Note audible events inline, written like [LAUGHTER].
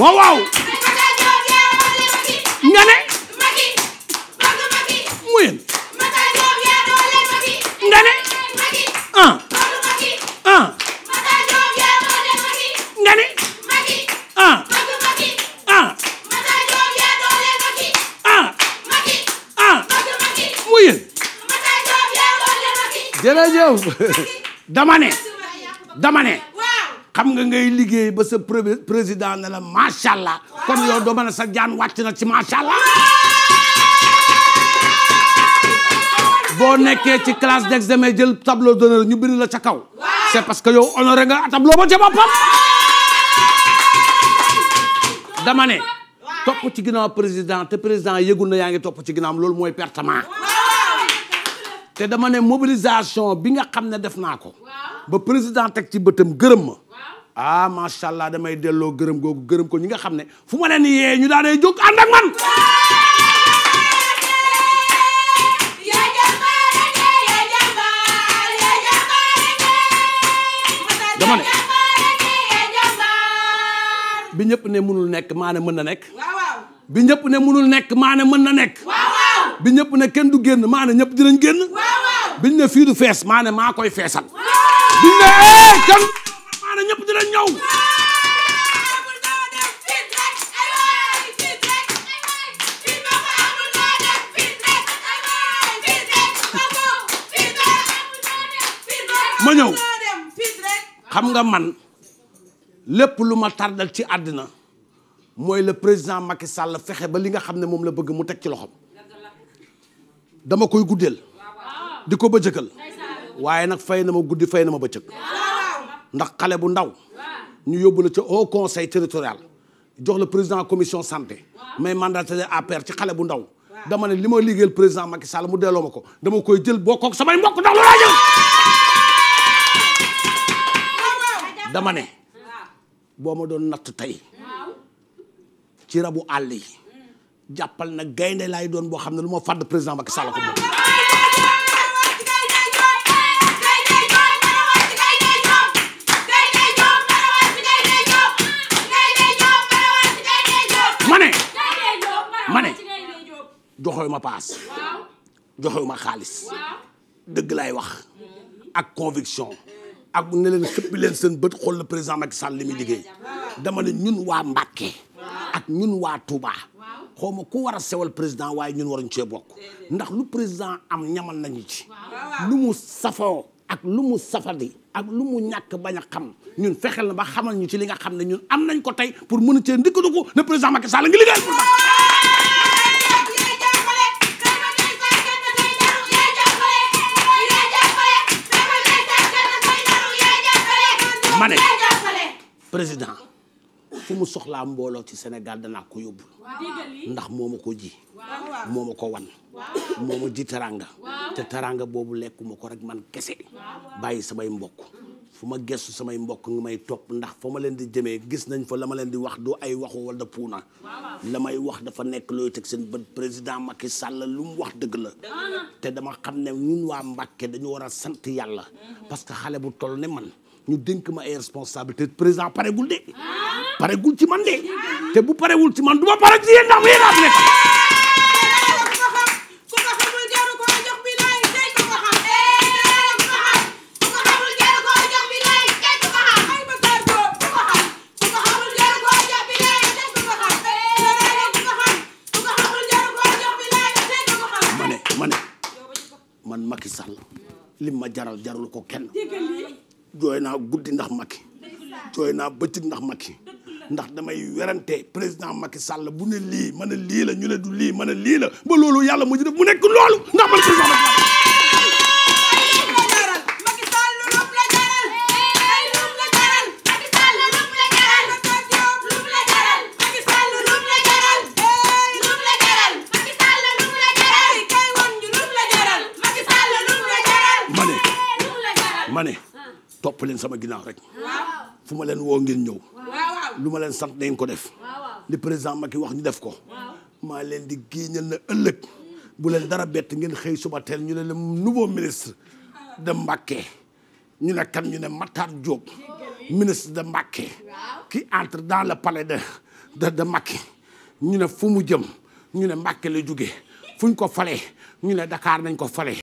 waaw waaw. nga ne. mu yéen. nga ne. ah. ah. nga ne. ah. ah. ah. ah. mu yéen. jërëjëf. [LAUGHS] dama ne. dama ne. xam nga ngay liggéey ba sa président nala la macha allah kon yow doo mën a sa jaan wàcc na ci macha allah. boo nekkee ci classe d'examen jël tableau d'honneur ñu bind la ca kaw. c'est parce que yow honoré nga tableau ba ca boppam. dama ne topp ci ginnaaw président te président yëgul na yaa ngi topp ci ginnaawam loolu mooy pertement. te dama ne mobilisation bi nga xam ne def naa ko. ba président tek ci bëtam gërëm ah macha allah damay delloo gërëm googu gërëm ko ñi nga xam ne fu ma leen yee ñu daanee jóg ànd man. bi ñëpp ne mënul nekk maa ne mën na nekk. bi ñëpp ne mënul nekk maa ne mën na nekk. bi ñëpp ne kenn du génn maa ne ñëpp dinañ génn. biñ ne fii fees maa ne maa koy feesal. biñ ne eh, kenn. ñëpp dina ñëw. ma ñëw xam nga man lépp lu ma tardal ci àddina mooy la président Macky Sall fexe ba li nga xam ne moom la bëgg mu teg ci loxoom dama koy guddeel di ko bëccëgal waaye nag fay na ma guddi fay na ma bëccëg. ndax kale bu ndaw ñu yóbbu la ca au conseil territorial jox la président commission santé mais mandataire APR ci xale bu ndaw dama ne li ma liggéeyal président Macky Sall mu delloo ma ko dama koy jël boo samay mbokk ndax lu ne boo ma doon natt tey ci rabu àll yi jàppal na gaynde laay doon boo xam ne lu ma fàdd président Macky Sall ko ma ne joxewu ma paas joxewu ma xaalis dëgg laay wax ak conviction ak ne leen xëppi leen seen bët xool le président Macky Sall li muy liggéey dama ne ñun waa Mbàkke ak ñun waa Touba xaw ma ku war a sewal président waaye ñun war waruñ cee bokk ndax lu président am ñamal nañu ci lu mu safoo ak lu mu safadi ak lu mu ñàkk bañ a xam ñun fexeel na ba xamal ñu ci li nga xam ne ñun am nañ ko tey pour mën a cee ndikkandiku ne président Macky ngi liggéeyal ma ne président fu mu soxlaa mbooloo ci Sénégal danaa ko yóbbu ndax moo ma ko ji moo ma ko wan moo ma ji taranga te taranga boobu lekkuma ko rek man kese bàyyi samay mbokk fu ma gestu samay mbokk ngi may topp ndax fa ma leen di jëmee gis nañ fa la ma leen di wax du ay waxu wala puuna la may wax dafa nekk looy teg seen bët président Macky sàll lu mu wax dëgg la te dama xam ne ñun waa Mbàkke dañu war a sant yàlla mhm. parce que xale bu toll ne man ñu dénk ma ay responsabilité président paregul de paregul ci man de te bu parewul ci man du ma pare ci yéen ndax mu yéen laa fi ma ne man Macky ma jaral jarul ko kenn jooy naa guddi ndax Macky jooy naa bëccëg ndax Macky ndax damay werante président Macky Sall bu ne lii ma lii la ñu ne du lii ma lii la ba loolu yàlla mu ji bu nekk loolu ndax man président Macky money. topp leen sama ginnaaw rek fu ma leen woo ngeen ñëw lu ma leen sant ngeen ko def li président Macky wax ñu def ko maa leen di géñal na ëllëg bu leen dara bett ngeen xëye suba teel ñu ne le nouveau ministre de Mbacké ñu ne kan ñu ne Matar Diop ministre de Mbacké qui entre dans le pale de de de Mbacké ñu ne fu mu jëm ñu ne Mbacké la juge fuñ ko fale ñu ne Dakar nañ ko fale